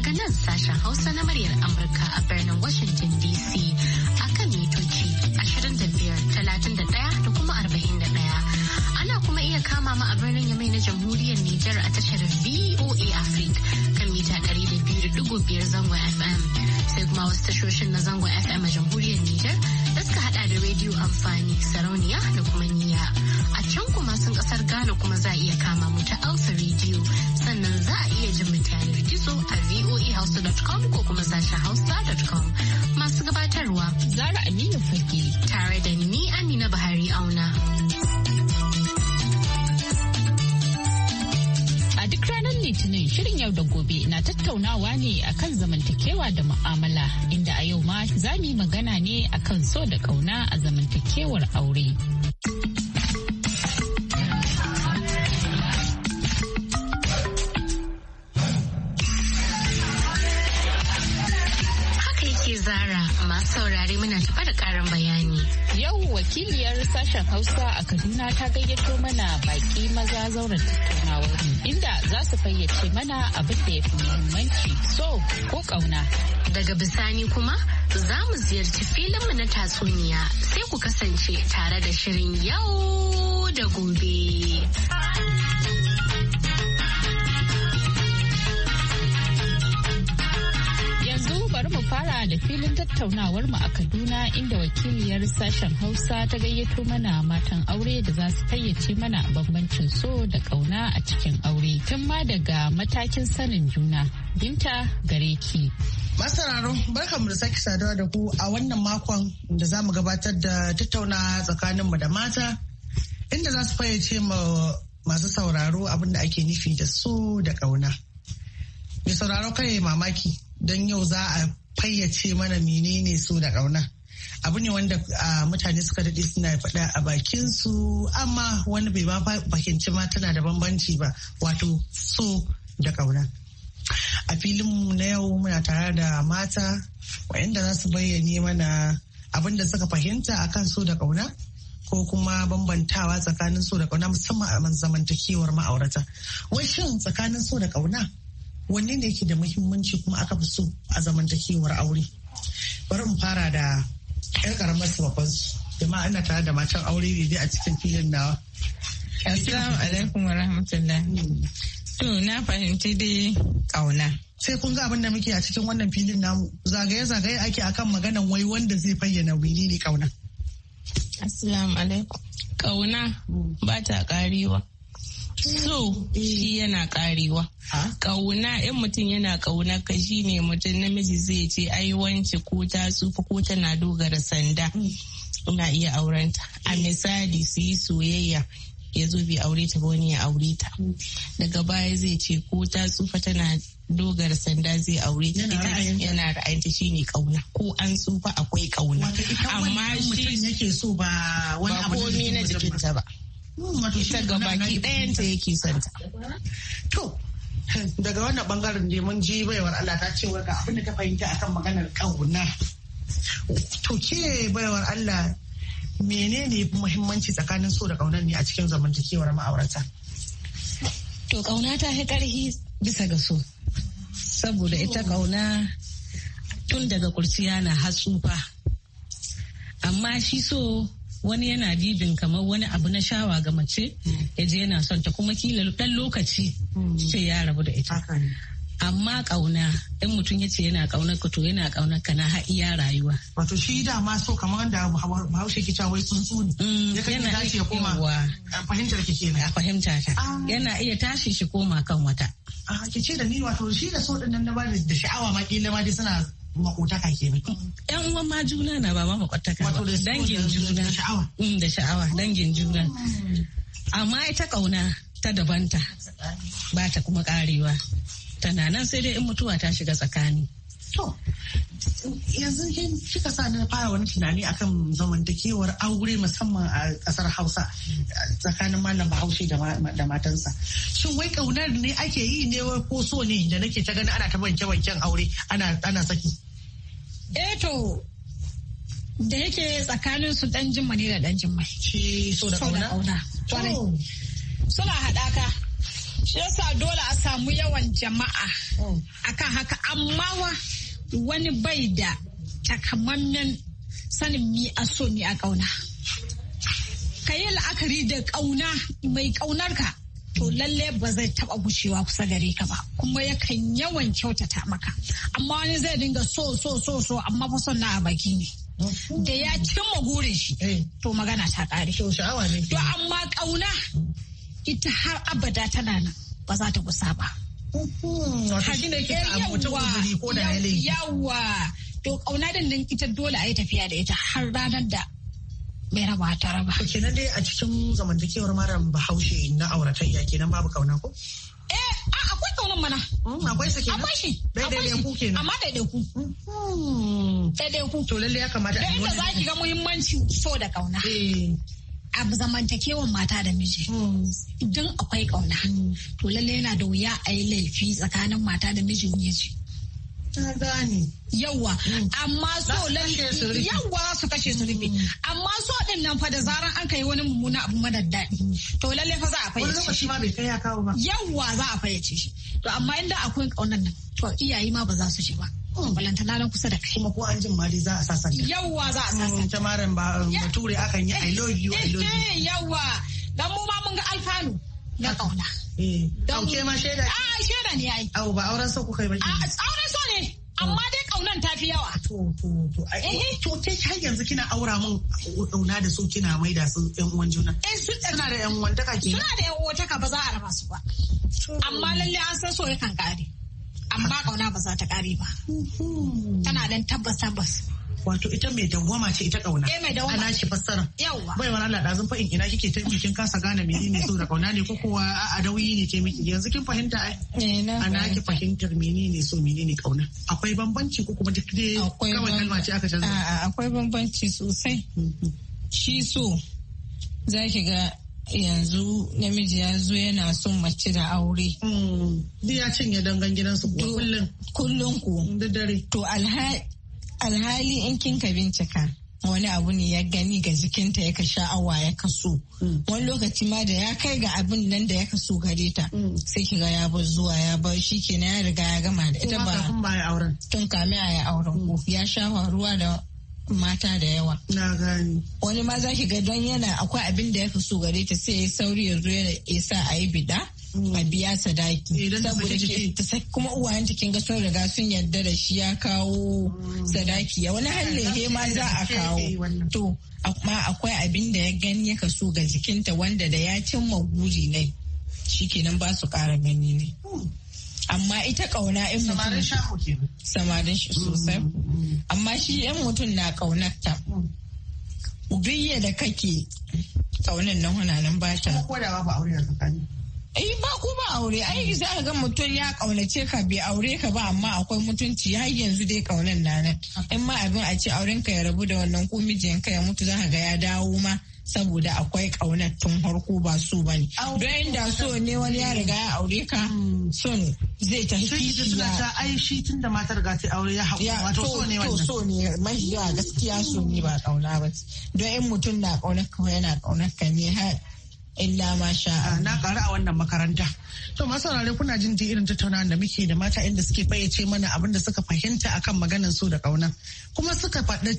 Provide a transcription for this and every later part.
daga nan sashen Hausa na muryar Amurka a birnin Washington DC kan mitoci 25,31 da kuma 41. Ana kuma iya kama ma a birnin Yamai na Jamhuriyar Nijar a tashar VOA Africa kan mita 200.5 zango FM. Sai kuma wasu tashoshin na zango FM a Jamhuriyar Nijar da suka hada da rediyo amfani sarauniya da kuma ni. Ghana kuma za a iya kama mu ta Alpha Radio sannan za a iya jin mutane da kiso a voahausa.com ko kuma sashen hausa.com masu gabatarwa Zara Aminu Fage tare da ni Amina Buhari Auna. A duk ranar litinin shirin yau da gobe na tattaunawa ne akan zamantakewa da mu'amala inda a yau ma za mu yi magana ne akan so da kauna a zamantakewar aure. saurari saurare muna tafa da karin bayani. Yau wakiliyar sashen Hausa a Kaduna ta gayyato mana baki maza zauren tattaunawar inda za su fayyace mana abin da ya fi muhimmanci so ko kauna. Daga bisani kuma za mu ziyarci filin mu na tatsuniya sai ku kasance tare da shirin yau da gobe. da filin tattaunawar mu a Kaduna inda wakiliyar sashen Hausa ta gayyato mana matan aure da za su fayyace mana bambancin so da kauna a cikin aure tun ma daga matakin sanin juna. Binta gare ki. Masararo barkanmu da sake saduwa da ku a wannan makon da za mu gabatar da tattauna mu da mata inda za su fayyace ma masu sauraro abin da ake nufi da so da kauna. Mai sauraro kai mamaki don yau za a fayyace mana menene so da ƙauna. abu ne wanda mutane suka daɗe suna faɗa a bakin su amma wani bai ba fahimci ma tana da bambanci ba wato so da ƙauna a filin mu na yau muna tare da mata waɗanda za su bayyane mana abin da suka fahimta akan so da ƙauna ko kuma bambantawa tsakanin so da ƙauna musamman a zamantakewar ma'aurata wai shin tsakanin so da ƙauna wanne ne yake da muhimmanci kuma aka fi so a zamantakewar aure bari mu fara da yan karamar sababban su jama'a ina tare da matan aure ne a cikin filin nawa assalamu alaikum wa rahmatullah to na fahimci dai kauna sai kun ga abin da muke a cikin wannan filin namu zagaye-zagaye ake akan maganan wai wanda zai fayyana wili ne kauna. Assalamu alaikum. Kauna ba ta karewa. so shi yana karewa kauna in mutum yana kauna ka shi ne mutum namiji zai ce ai wance ko ta tsufa ko tana dogara sanda hmm. ina iya aurenta a misali su yi soyayya ya zo bai aure ta ba wani ya aure ta hmm. daga baya zai ce ko ta tsufa tana dogara sanda zai aure ta yana ra'ayinta shi ne kauna ko an tsufa akwai kauna amma shi yake so ba wani abu na jikinta ba ita ta yake santa. To, daga wannan bangaren ne mun ji baiwar Allah ta ce ga abin da ta fahimta akan maganar ƙauna. To ke baiwar Allah menene muhimmanci tsakanin so da ƙaunar ne a cikin zamantakewar ma'aurata? To ƙauna ta fi karhi bisa ga so. Saboda ita ƙauna tun daga kursiya na hatsufa. Amma shi so wani yana bibin kamar wani abu na shawa ga mace ya je yana son ta kuma kila dan lokaci ce ya rabu da ita amma kauna in mutum ya ce yana kaunar ka to yana kaunar ka na har iya rayuwa wato shi da ma so kamar da bahaushe ke wai tsuntsu ne mm, ya kan tashi ya koma fahimtar ki kenan fahimta ta ah. yana iya tashi shi koma kan wata a ah, ki ce da ni wato shi da so din nan na ba da sha'awa ma kila ma dai suna ka ke Yan uwan ma juna na ba ma ka ba. Dangin juna. Da sha'awa. Mm, da sha'awa dangin juna. Amma ita kauna ta dabanta ba ta kuma karewa. Tana nan sai dai in mutuwa ta shiga tsakani. To, yanzu kika sa na fara wani tunani akan zamantakewar aure musamman a kasar Hausa tsakanin malam Bahaushe da matansa. Shin wai kaunar ne ake yi ne ko so ne da nake ta gani ana ta wanke wanken aure ana saki. Eh to da yake tsakanin su dan jimma ne da dan jimma. Shi so da kauna. Oh. Suna haɗaka. Shi yasa dole a samu yawan jama'a oh. akan haka amma wa wani bai da takamammen sanin mi a so mi a ƙauna. Ka yi la'akari da ƙauna mai ƙaunar ka to lalle ba zai taɓa gushewa kusa gare ka ba kuma yakan yawan kyautata maka amma wani zai dinga so so so so amma fa son na a baki ne. Da ya cimma gurin shi eh. to magana ta ƙare. To sha'awa ne. To amma ƙauna ita har abada tana nan ba za ta gusa ba. Wato shi ne ke abota guzuri ko da ya Yawwa. To ƙauna din ita dole a yi tafiya da ita har ranar da bai raba ta raba. To kenan dai a cikin zamantakewar maram bahaushe na auratayya kenan babu kauna ko? Eh, a akwai kaunan mana. Hmm, akwai sa kenan? Akwai shi. Daidai ku kenan. Amma daidai ku. Hmm. Daidai ku. To lalle ya kamata a yi wani. Daidai za ki ga muhimmanci so da kauna. Eh. a zamantakewan mata da miji idan akwai kauna to lalle yana da wuya a yi laifi tsakanin mata da miji miji. ta gane mm. amma so lalle Yawwa su kashe su rufe mm. amma so din nan fa da zaran an kai wani mummuna abu madar daɗi to lalle fa za a fayyace wani lokaci ma bai kai ya kawo ba Yawwa za a fayyace shi to amma inda akwai ƙaunar nan to iyaye ma ba za su ji ba Mm. balanta na kusa da kai kuma ko an jin ma dai za a sasanta yawwa za a mm, sasanta ta maran ba um, bature akan yi i love you i love you eh, eh, yawwa dan mu ma mun ga alfanu na kauna eh. don ke ma shaida a ah, shaida ne ai au ba auren so ku kai ba a ah, auren so ne amma dai kaunan ta fi yawa to to to eh to ce har yanzu kina aura mun kauna da su kina maida su yan uwan juna eh suna da yan uwan taka kenan suna da yan uwan taka ba za a raba su ba amma lalle an san so yakan kare amma kauna ba za ta kare ba tana nan tabbas tabbas wato ita mai dawwama ce ita kauna eh mai dawwama ana shi fassara yawa bai wani Allah dazun fa'in ina kike ta kin kasa gane ne so da kauna ne ko kuwa a dauyi ne ke miki yanzu kin fahimta ai ana eh, ki fahimtar ne so ne kauna akwai bambanci ko kuma duk dai kawai kalma ce aka canza akwai bambanci sosai mm-hmm. shi so zaki ga yanzu namiji ya zo yana son mace da aure. Mm. Duk ya cinye dangan gidansu kullum. Kullum ku. Da dare. To alhali in kin ka bincika. Wani abu ne ya gani ga jikinta ya ka sha'awa ya kaso. Mm. Wani lokaci ma da ya kai ga abin nan da ya kaso gare ta. Mm. Sai ki ga ya bar zuwa ya bar shi kenan ya riga ya gama da ita ba. Tun kafin ba ya auren. Tun kame a ya auren. Ya sha ruwa da mata da yawa. Na gani. Wani ma za ki ga don yana akwai abin da ya fi so gare ta sai ya sauri ya zo ya sa a yi bida. Mm. A biya sadaki. Eh, Saboda kuma uwayen ta kin ga sun riga sun yarda da shi ya kawo mm. sadaki. Ya wani halle ma za a kawo. Eh, to amma akwai abin da ya gani ya kaso ga jikinta wanda da ya cimma guri ne. Shikenan ba su ƙara gani ne. Hmm. amma ita kauna in mutum samarin shi sosai amma shi yan mutum na ƙaunarta ubiyya da kake kaunin nan hunanan ba ta aure a Ai eh, ba ku ba aure ai za ka ga mutum ya kaunace ka bai aure ka ba amma akwai mutunci har yanzu dai kaunan na nan. In ma abin a ce auren ka ya rabu da wannan ko ka ya mutu za ka ga ya dawo ma saboda akwai kaunar tun farko ba so ba ne. Don da so ne wani ya riga ya aure ka hmm. son zai ta kishi ya. Sai ai shi tun da matar ga ta aure ya haƙura wato so ne wannan. So ne mahi yawa gaskiya so ne ba kauna ba. Don in mutum na kaunar ka yana kaunar ka ne har illa masha ah, na kara a wannan makaranta to masu saurare kuna jin ji irin tattaunawa da muke da mata inda suke fayyace mana abin da suka fahimta akan maganar su da kauna kuma suka faɗa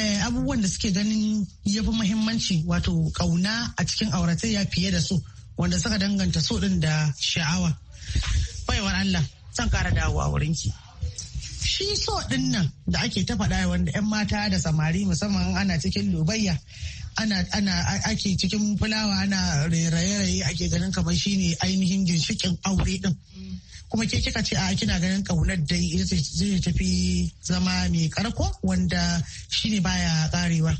eh, abubuwan da suke ganin yafi muhimmanci wato kauna a cikin auratayya fiye da su wanda suka danganta so din da sha'awa baiwar Allah san kara dawowa ki shi so din nan da ake ta faɗa wanda 'yan mata da samari musamman ana cikin lubayya ana ana ake cikin fulawa ana raye-raye ake ganin kamar shine ainihin ginshikin aure din kuma ke kika ce a kina ganin kaunar dai zai tafi zama mai karko wanda shine baya karewa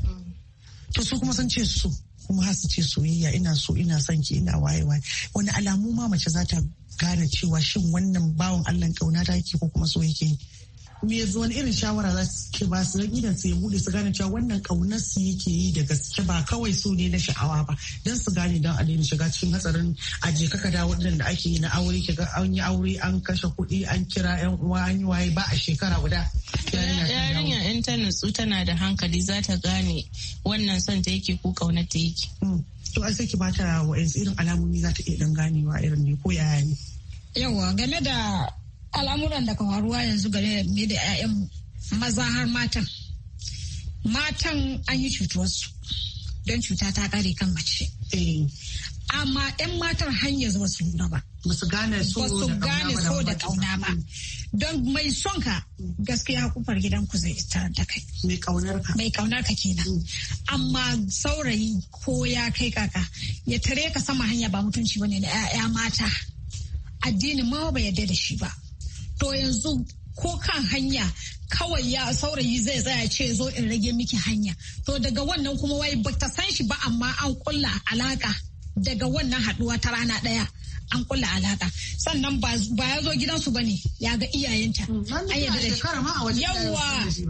to su kuma sun ce su kuma har su ce soyayya ina so ina son ki ina waye waye wani alamu ma mace za ta gane cewa shin wannan bawan Allah kauna ta ko kuma so yake me zo wani irin shawara za su ke ba su don idan su ya bude su gane cewa wannan kaunar su yake yi da gaske ba kawai su ne na sha'awa ba don su gane don a daina shiga cikin hatsarin aje kaka da waɗanda ake yi na aure an yi aure an kashe kuɗi an kira yan uwa an yi waye ba a shekara guda. yarinya in ta nutsu tana da hankali za ta gane wannan son ta yake ko kaunar ta yake. Hmm. to ai sai ki bata wa'yansu irin alamomi za ta iya dan ganewa irin ne ko yaya ne. yawa game da al'amuran da ka faruwa yanzu gare da da 'ya'yan maza har matan matan an yi cutuwarsu don cuta ta kare kan mace eh. amma 'yan matan hanya zuwa su nuna ba basu gane so da kauna ba don mai son ka gaskiya kufar gidan ku zai tarar da kai mai kaunar ka mai kaunar ka kenan mm. amma saurayi ko ya kai kaka ya tare ka sama hanya ba mutunci bane na 'ya'ya mata addinin ma ba yarda da shi ba to yanzu ko kan hanya kawai ya saurayi zai tsaya ce zo in rage miki hanya to daga wannan kuma wai bata san shi ba amma an kulla alaka daga wannan haduwa ta rana daya an kulla alaka sannan ba ya zo gidansu ba ne ya ga iyayenta mm, an da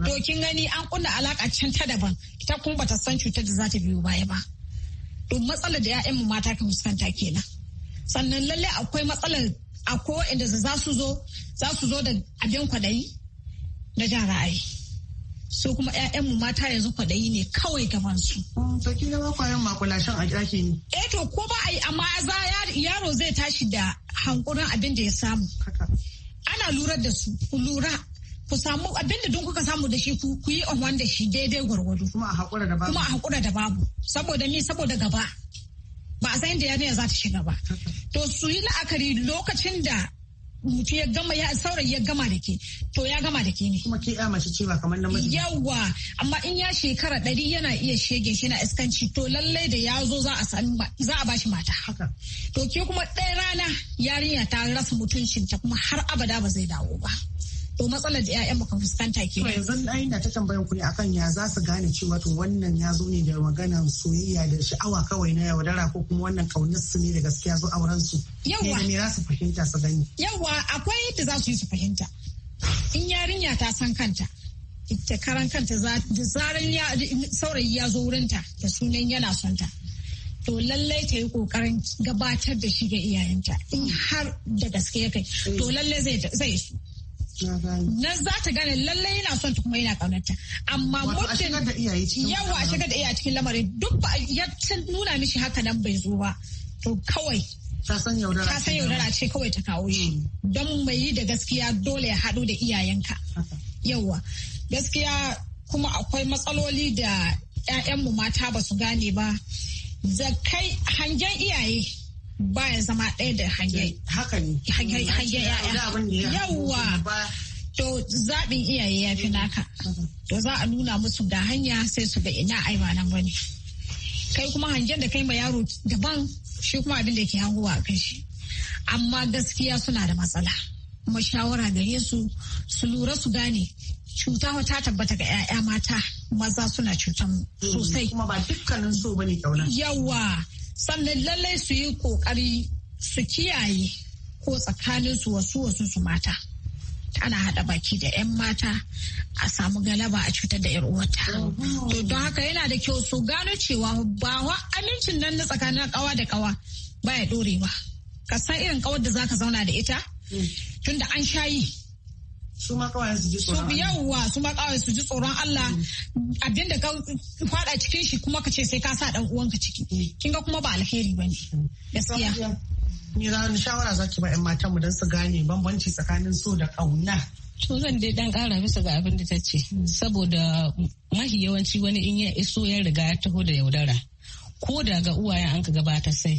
to kin gani an kulla alaka can ta daban ta kuma bata san cutar da za ta biyo baya ba to matsalar da 'ya'yan mata ka fuskanta kenan sannan lallai akwai matsalar a ko inda za su zo za su zo da abin kwaɗayi na jan ra'ayi so kuma mu mata yanzu kwaɗayi ne kawai gabansu. to kila ba kwayan makulashin a ɗaki ne. eh to ko ba a yi amma za yaro zai tashi da hankurin abin da ya samu. ana lura da su ku lura ku samu abin da don kuka samu da shi ku yi a da shi daidai gwargwado kuma a hakura da babu saboda ni saboda gaba ba a san inda yarinya za ta shiga ba to su yi la'akari lokacin da mutum ya gama ya saurayi ya gama da ke to ya gama da ke ne kuma ke ya mace ce kamar namiji yawa amma in ya shekara ɗari yana iya shege shi na iskanci to lallai da ya zo za a sami za a bashi mata haka to ke kuma ɗaya rana yarinya ta rasa mutuncinta kuma har abada ba zai dawo ba to matsalar da 'ya'yan muka fuskanta ke. yanzu na ina ta tambayan ku ne akan ya za su gane cewa to wannan ya zo ne da maganan soyayya da sha'awa kawai na yaudara ko kuma wannan kaunar su ne da gaskiya zo auren su. Yawwa. Eh, me za su fahimta su gani. Yawwa akwai yadda za su yi su fahimta. In yarinya ta san kanta. Ita karan kanta da ya saurayi ya zo wurinta da sunan yana son ta. to lallai ta yi kokarin gabatar da shi ga iyayenta in har da gaske ya kai to mm. lallai zai su nan za ta gane lallai yana son ta kuma yana kaunarta amma muddin yawa a shigar da iyaye cikin lamarin duk ba ya nuna mishi haka nan bai zo ba to kawai ta san yaudara ce kawai ta kawo shi hmm. don mai yi da gaskiya dole ya haɗu da iyayenka yawa gaskiya kuma akwai matsaloli da 'ya'yanmu mata ba su gane ba zakai hangen iyaye baya zama ɗaya da hangen ya'ya to zaɓin iyaye ya fi naka to za a nuna musu da hanya sai su ga ina aima nan bane kai kuma hangen da kai ma yaro daban shi kuma abin da ke hanguwa a shi amma gaskiya suna da matsala kuma shawara gare su su lura su gane cuta ta tabbata ga 'ya'ya mata maza suna cutan mm, sosai kuma ba dukkanin so bane kauna yawa sannan lallai su yi kokari su kiyaye ko tsakanin su wasu wasu su mata ana haɗa baki da 'yan mata a samu galaba a cutar da 'yar uwata. To don haka yana da kyau su gano cewa ba wa amincin nan na tsakanin kawa da kawa baya ɗorewa. Ka san irin kawar da zaka zauna da ita? Mm. Tunda an sha yi. su ma kawai su ji tsoron Allah. Yawwa su ma kawai su ji tsoron Allah abin da ka fada cikin shi kuma ka ce sai ka sa dan uwanka ciki. Mm. Kin ga kuma ba alheri bane. Gaskiya. Ni za ni shawara zaki ba matan mu don su gane bambanci tsakanin so da ƙauna. To zan dai dan kara bisa ga abin da ta ce mm. saboda mahi yawanci wani in ya iso ya riga ya taho da yaudara. Ko da ga uwayen an ka gabata sai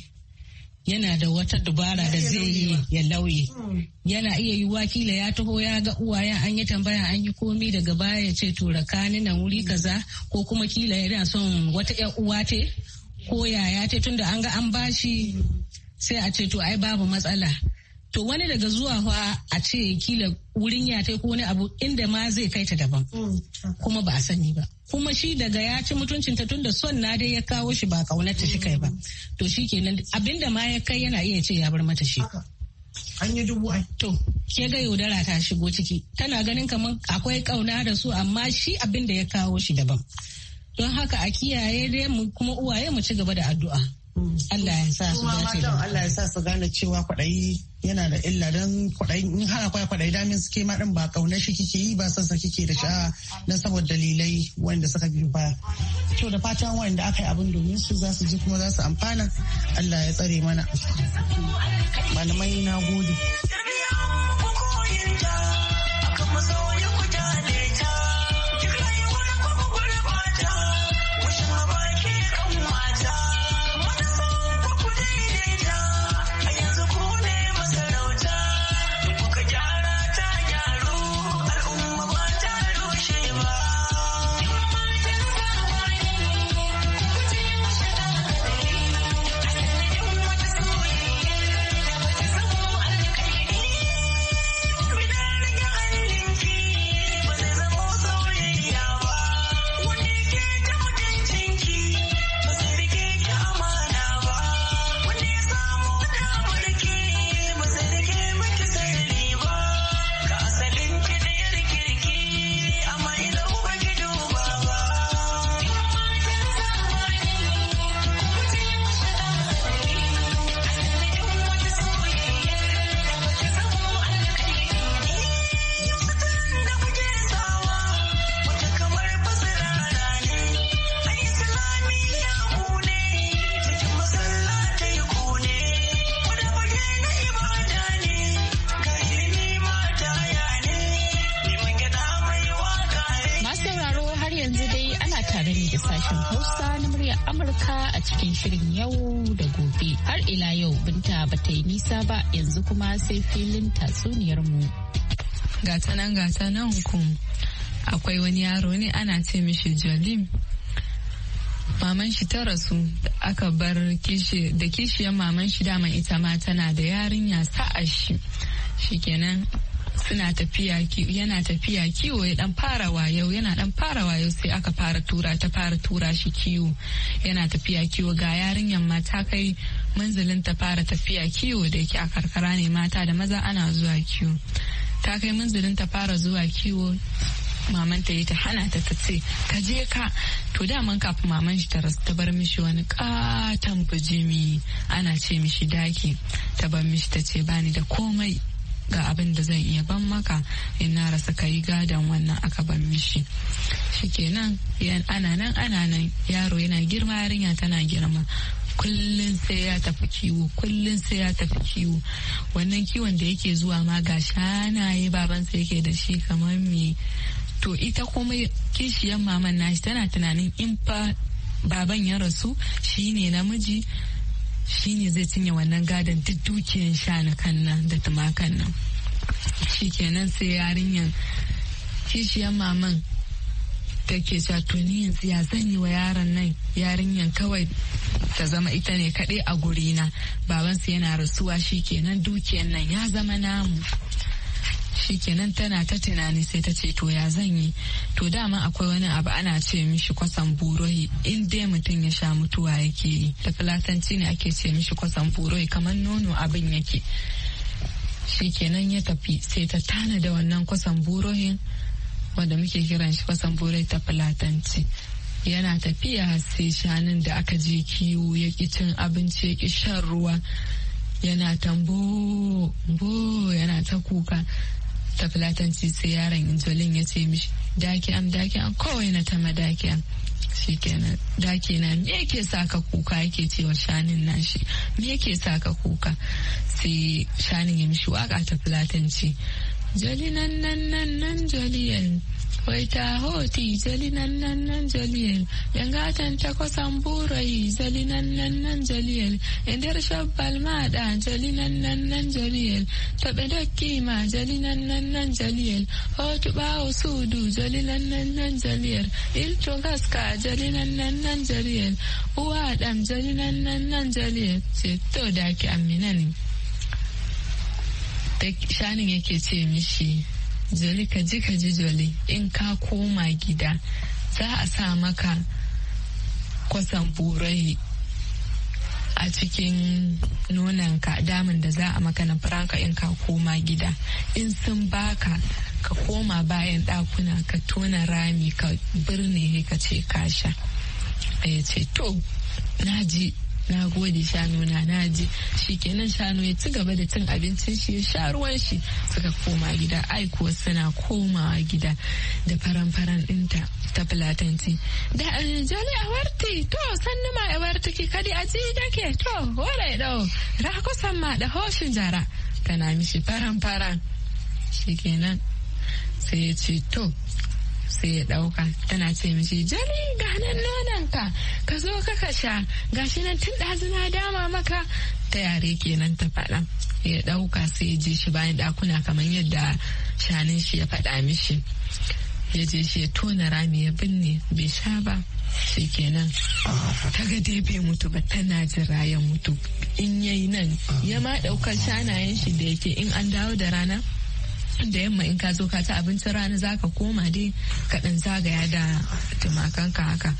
yana da wata dubara da zai yi ya lauye hmm. yana iya yi kila ya taho ya ga uwayen an yi tambaya an yi komi daga baya ya ce to rakani nan wuri hmm. kaza ko kuma kila yana son wata yar uwa ce ko yaya ce tunda an ga an bashi hmm. sai a ce to ai babu matsala to wani daga zuwa fa a ce kila wurin yatai ko wani abu inda ma zai kai ta daban mm, kuma ba a sani ba kuma shi daga ya ci mutuncin ta tunda son na dai ya kawo shi ba kaunar ta shi kai ba mm. to shi kenan abinda ma ya kai yana iya ce ya bar mata shi an yi dubu ai. To, ke ga yaudara ta shigo ciki. Tana ganin kamar akwai kauna da su amma shi abinda ya kawo shi daban. Don haka a kiyaye dai mu kuma uwaye mu ci gaba da addu'a. Allah ya sa su dace da Allah ya sa su gane cewa kwaɗayi yana da illa don kwaɗayi in har akwai kwaɗayi damin suke ma ɗin ba kauna shi kike yi ba sa kike da sha'a na saboda dalilai wanda suka bi ba to da fatan wanda aka yi abin domin su za su ji kuma za su amfana Allah ya tsare mana malamai na gode. haka a cikin shirin yau da gobe. Har ila yau binta ba ta yi nisa ba yanzu kuma sai filin tatsuniyar mu. Gata nan gata nan kun akwai wani yaro ne ana ce mishi Jolim. Maman shi ta rasu da aka bar kishi da kishiyar maman shi daman ita ma tana da yarinya sa'a shi. Shikenan suna tafiya yana tafiya kiwo ya dan fara wayo yana dan fara wayo sai aka fara tura ta fara tura shi kiwo yana tafiya kiwo ga yarinyar mata kai manzalin ta fara tafiya kiwo da yake a karkara ne mata da maza ana zuwa kiwo ta kai manzalin ta fara zuwa kiwo maman ta yi ta hana ta ta ce ka je ka to daman kafin maman shi ta ta bar mishi wani katon bijimi ana ce mishi daki ta bar mishi ta ce bani da komai ga abin da zan iya ban maka in na rasa kayi gadon wannan aka ban mishi shikenan ana nan ana nan yaro yana girma yarinya tana girma kullum sai ya tafi kiwo kullum sai ya tafi kiwo wannan kiwon da yake zuwa ma ga shanaye babansa yake da shi kamar me to ita kuma kishiyar maman nashi tana tunanin in fa baban ya rasu shi ne namiji Shi ne zai cinye wannan gadon duk dukiyan na kanna da tumakan nan shikenan sai yarinyan kishiyan maman take ke ni yanzu ya zan yi wa yaron nan yarinyan kawai ta zama ita ne kaɗai a gurina babansu yana rasuwa shikenan dukiyan nan ya zama namu shikenan tana ta tunani sai ta ce to ya zan yi to dama akwai wani abu ana ce mishi kwasan burohi in dai mutum ya sha mutuwa yake yi da filatanci ne ake ce mishi kwasan burohi kamar nono abin yake shi kenan ya tafi sai ta tana da wannan kwasan burohin wanda muke kiran shi kwasan burohi ta filatanci yana tafiya sai shanun da aka je kiwo ya ki cin abinci ya ki shan ruwa yana tambo yana ta kuka ta filatanci sai yaron injolin ya ce mishi daki am kowai na ta madaki am shikenan daki na me yake sa ka kuka yake cewa shanin nashi me yake sa ka kuka sai shanin ya mishi waka ta filatanci joli nan nan nan nan joliyel hoti joli nan nan nan joliyel ɓe gatan ta kusan burayi joli nan nan nan joliyel e nder shabbal maɗa joli nan nan nan joliyel to ɓe dokkima joli nan nan nan joliyel hotu ɓawo sudu joli nan nan nan ilto gaska joli nan nan nan joliyel uwaɗam joli nan nan nan to da daki amminani shanin yake ce mishi joli ka ji ka ji joli in ka koma gida za a sa maka kwasan burai a cikin nonanka damin da za a maka na faranka in ka koma gida in sun baka ka koma bayan dakuna ka tona rami ka birne ka ce kasha ya ce to na ji na gode shanu na naji shikenan shanu ya ci gaba da cin abincin shi ya sha ruwan shi suka koma gida ai suna komawa gida da faran faran dinta ta filatanci da aljali eh, a warti to sannu ma a warti ki kadi a ji dake to wala dau rakusan ma da hoshin jara tana mishi faran faran shikenan sai ya ce to sai ya ɗauka tana ce mishi jani ga nan nonon ka ka zo ka sha gashi nan tun ɗazuna dama maka ta yare kenan ta faɗa ya ɗauka sai ya je shi bayan ɗakuna kamar yadda shanin shi ya faɗa mishi ya je shi ya tona rami ya binne bai sha ba shi kenan ta ga dai bai mutu ba tana jira ya mutu in yayi nan ya ma ɗaukar shanayen shi da yake in an dawo da rana da yamma in ka zo ka ci abincin rana za ka koma dai ka ɗan zagaya da tumakan ka haka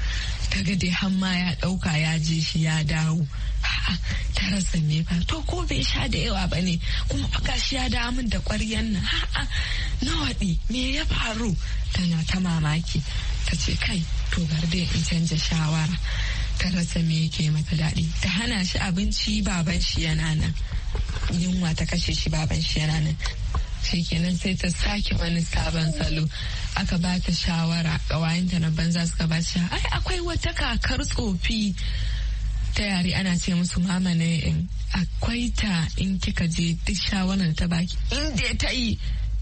ta ga dai hamma ya ɗauka ya je shi ya dawo ta rasa me ba to ko bai sha da yawa ba ne kuma baka shi ya dawo min da ƙwaryan nan ha'a na waɗi me ya faru tana ta mamaki ta ce kai to bar dai in canja shawara ta rasa me yake mata daɗi ta hana shi abinci baban shi yana nan yunwa ta kashe shi baban shi yana nan kenan sai ta sake wani sabon salo aka ba ta shawara ƙawayenta na banza suka ba ta ai akwai wata kakar tsofi ta yare ana ce musu mama ne in akwai ta in kika je duk shawarar ta baki in da ta yi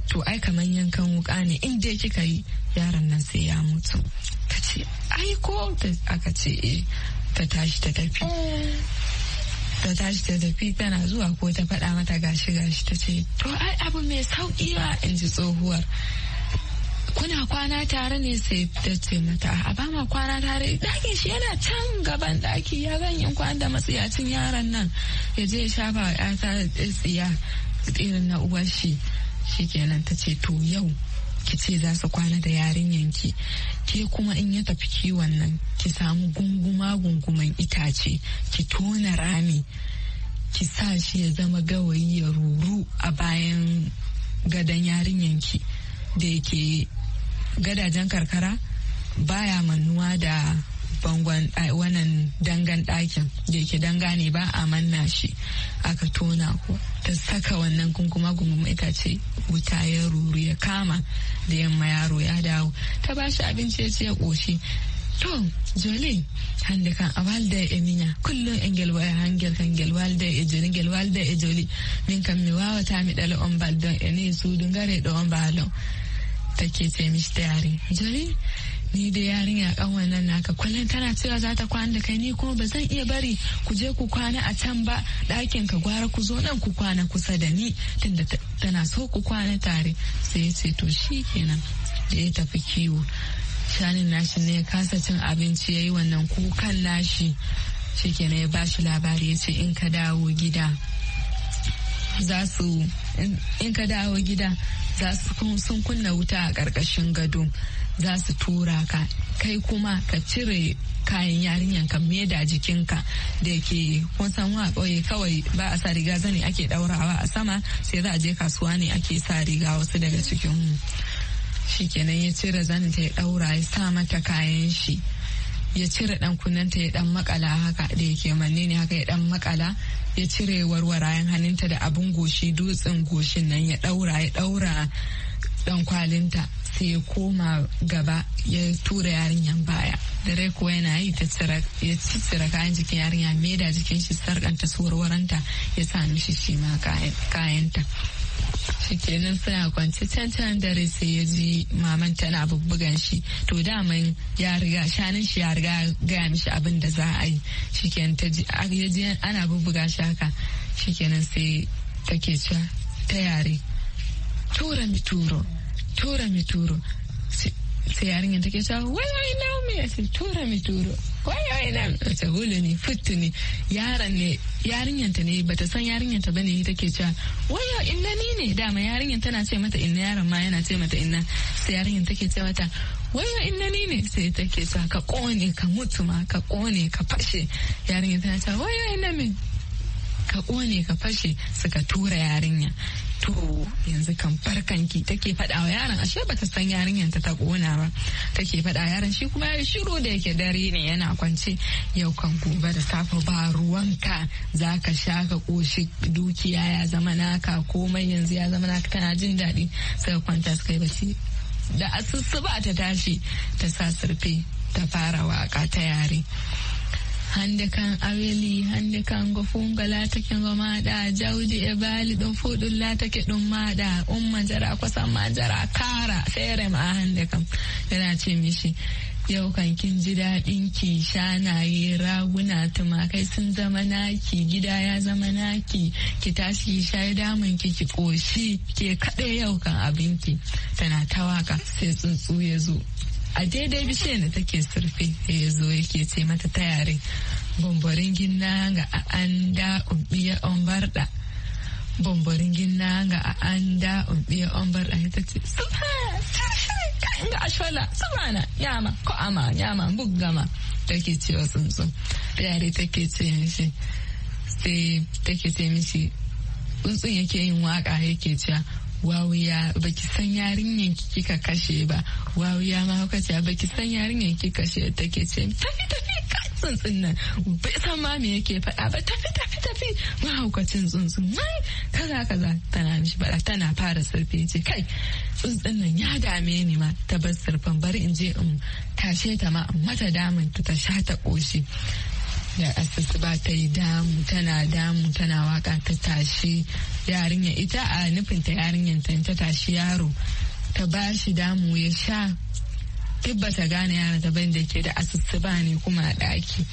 to ai kaman yankan wuka ne in da kika yi yaron nan sai ya mutu ta ce ai ko aka ce eh, ta tashi ta tafi ta tashi ta tafi tana zuwa ko ta faɗa mata gashi gashi ta ce to ai abu mai sauki ba in ji tsohuwar kuna kwana tare ne sai ta ce mata a ba ma kwana tare ɗakin shi yana can gaban ɗaki ya ganyen kwan da matsiyacin yaron nan ya je ya shafa ya ta tsiya irin na uwar shi shi kenan ta ce to yau ki ce za su kwana da ki ke kuma in ya tafi kiwon nan ki samu gunguma gunguman itace ki tona rami ki sa shi ya zama gawayi ya ruru a bayan gadon ki da yake gadajen karkara baya manuwa da bangon wannan dangan ɗakin da ke danga ne ba a manna shi aka tona ko ta saka wannan kunkuma ita itace wuta ya ruru ya kama da yamma yaro ya dawo ta ba shi abinci ya ce ya ƙoshi to jolin hande kan a walda e minya kullum e gelwa ya hangel kan gelwa walda e joli gelwa walda e joli min kan mi wawata mi dala on baldon ya ne su dungare da on ta take ce mishi tayari joli ni da yarinya kan nan naka kullum tana cewa za ta kwana da kai ni kuma ba zan iya bari ku je ku kwana a can ba ɗakin ka gwara ku zo nan ku kwana kusa da ni tunda tana so ku kwana tare sai ya ce to shi kenan da ya tafi kiwo shanin nashi ne ya kasa cin abinci ya yi wannan kukan nashi shi kenan ya shi labari ya ce in ka dawo gida za su in ka dawo gida za su sun kunna wuta a ƙarƙashin gado za su tura ka kai kuma ka cire kayan yarinyan ka meda jikinka da ke kun san wa ɓoye kawai ba a sa riga zani ake ɗaurawa a sama sai za a je kasuwa ne ake sa riga wasu daga cikin mu kenan ya cire zanin ta ya ɗaura ya sa mata kayan shi ya cire dan ta ya dan makala haka da yake manne ne haka ya dan makala ya cire warwarayen hannunta da abun goshi dutsen goshin nan ya daura ya daura dan kwalinta sai ya koma gaba ya tura yarinyan baya dare kuwa yana yi ya tsira kayan jikin yarinya da jikin shi sarkanta suwarwaranta ya sa mishi shi ma kayanta shikenan suna kwance can can dare sai ya ji maman tana bubbugan shi to daman ya riga shanin shi ya riga gaya mishi abin da za a yi shikenan ta ji ana bubbuga shi haka shikenan sai take cewa ta yare tura mi turo tura mi turo sai yarinyar take cewa wai wai naomi ya ce tura mi turo wai wai na a ta hulu ne futu ne yaran ne yarinyanta ne bata san yarinyanta bane take cewa wai yau inna ni ne dama yarinyar tana ce mata inna yaran ma yana ce mata inna sai yarinyar take ce mata wai wai inna ni ne sai take cewa ka kone ka mutu ma ka kone ka fashe yarinyar tana cewa wai wai na min ka kone ka fashe suka tura yarinya to yanzu kan farkanki take faɗa wa yaron ashe bata san yarinyar ta ta kona ba take faɗa yaron shi kuma ya shiru da yake dare ne yana kwance yau kan gobe da safe ba ruwanka zaka sha ka koshi dukiya ya zama naka komai yanzu ya zama naka tana jin daɗi suka kwanta suka yi bacci da asusu ba ta tashi ta sa surfe ta fara waka ta yare hande kan aweli hande kan go funga latake go mada jawdi e bali ɗum fuu ɗum latake ɗum mada umma jara ko ma jara kara fere ma hande kam yana ce mishi yau kan kin ji daɗin ki shanaye raguna tumakai sun zama naki gida ya zama naki ki tashi shayi damun ki ki ƙoshi ke kaɗai yau kan abinki tana ta waka sai tsuntsu ya zo a daidai bishiyar da take surfe ya zo yake ce mata ta yare bambarin gina ga an da umbiya ombarda bambarin gina ga an da umbiya ombarda ita ce ga ashola subana yama ko ama yama buggama take ce wa tsuntsu yare take ce mishi sai take ce mishi tsuntsun yake yin waka yake cewa wawuya baki san yarinyan kika kashe ba wawuya ma kuka ce baki san yarinyar kika kashe take ce tafi tafi ka tsuntsun nan bai san ma me yake faɗa ba tafi tafi tafi ma ce tsuntsun mai kaza kaza tana mishi tana fara surfe ce kai tsuntsun nan ya dame ni ma ta bar bari in je in tashe ta ma mata damun ta ta sha ta ƙoshi da asusu ba ta yi damu tana damu tana waka ta tashi yarinya ita a nufinta yarinyar ta ta tashi yaro ta ba shi damu ya sha tabbata gane yana ta da ke da ba ne kuma a ɗaki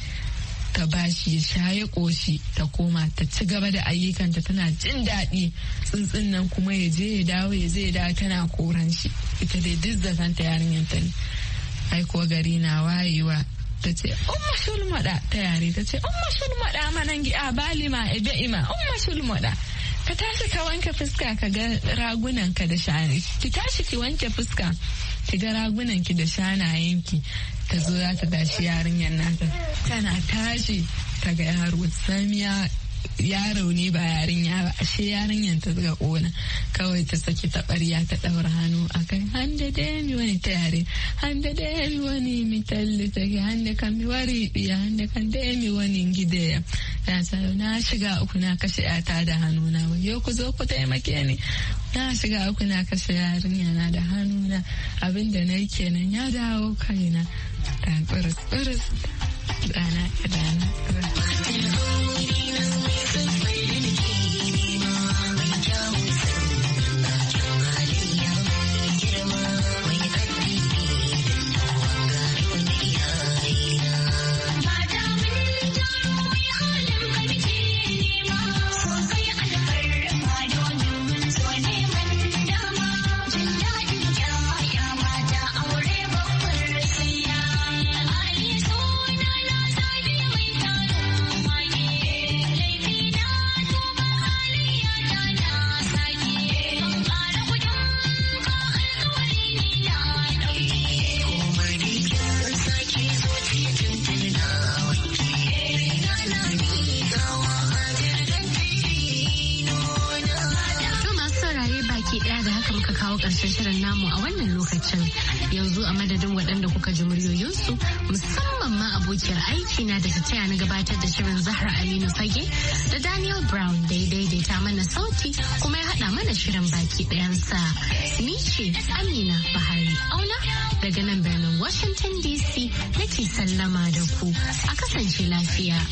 ta ba shi ya sha ya ƙoshi ta koma ta ci gaba da ayyukanta tana jin daɗi tsuntsun nan kuma ya je ya dawo ya je ya dawo tana koran shi ita dai duk yarinyar ta ne ai gari na wayewa ta ce umma shulmada ta yare ta ce umma shulmaɗa manangi a balima ebe ima umma shulmada. ka tashi ka wanke fuska ka ga ragunan ka da shani ki tashi ki wanke fuska ki ga ragunan ki da shanayen ki ta zo za ta tashi yarinyar nata tana tashi ta ga yaro samiya yaro ne ba yarinya ba ashe yarinyan ta zuga kona kawai ta saki ta ɓarya ta daura hannu a kai hande da mi wani ta yare hande da mi wani mi talle ta ke hande kan mi wari biya hande kan da mi wani gida ya na na shiga uku na kashe ta da hannu na yau ku zo ku taimake ni na shiga uku na kashe yarinya na da hannu na abinda na yi kenan ya dawo kaina da tsiris tsiris dana dana gabatar da shirin Zahra Aminu Fage da Daniel Brown da ta mana sauti kuma ya hada mana shirin baki dayansa Ni ce Amina Bahari Auna daga nan birnin Washington DC nake sallama da ku a kasance lafiya.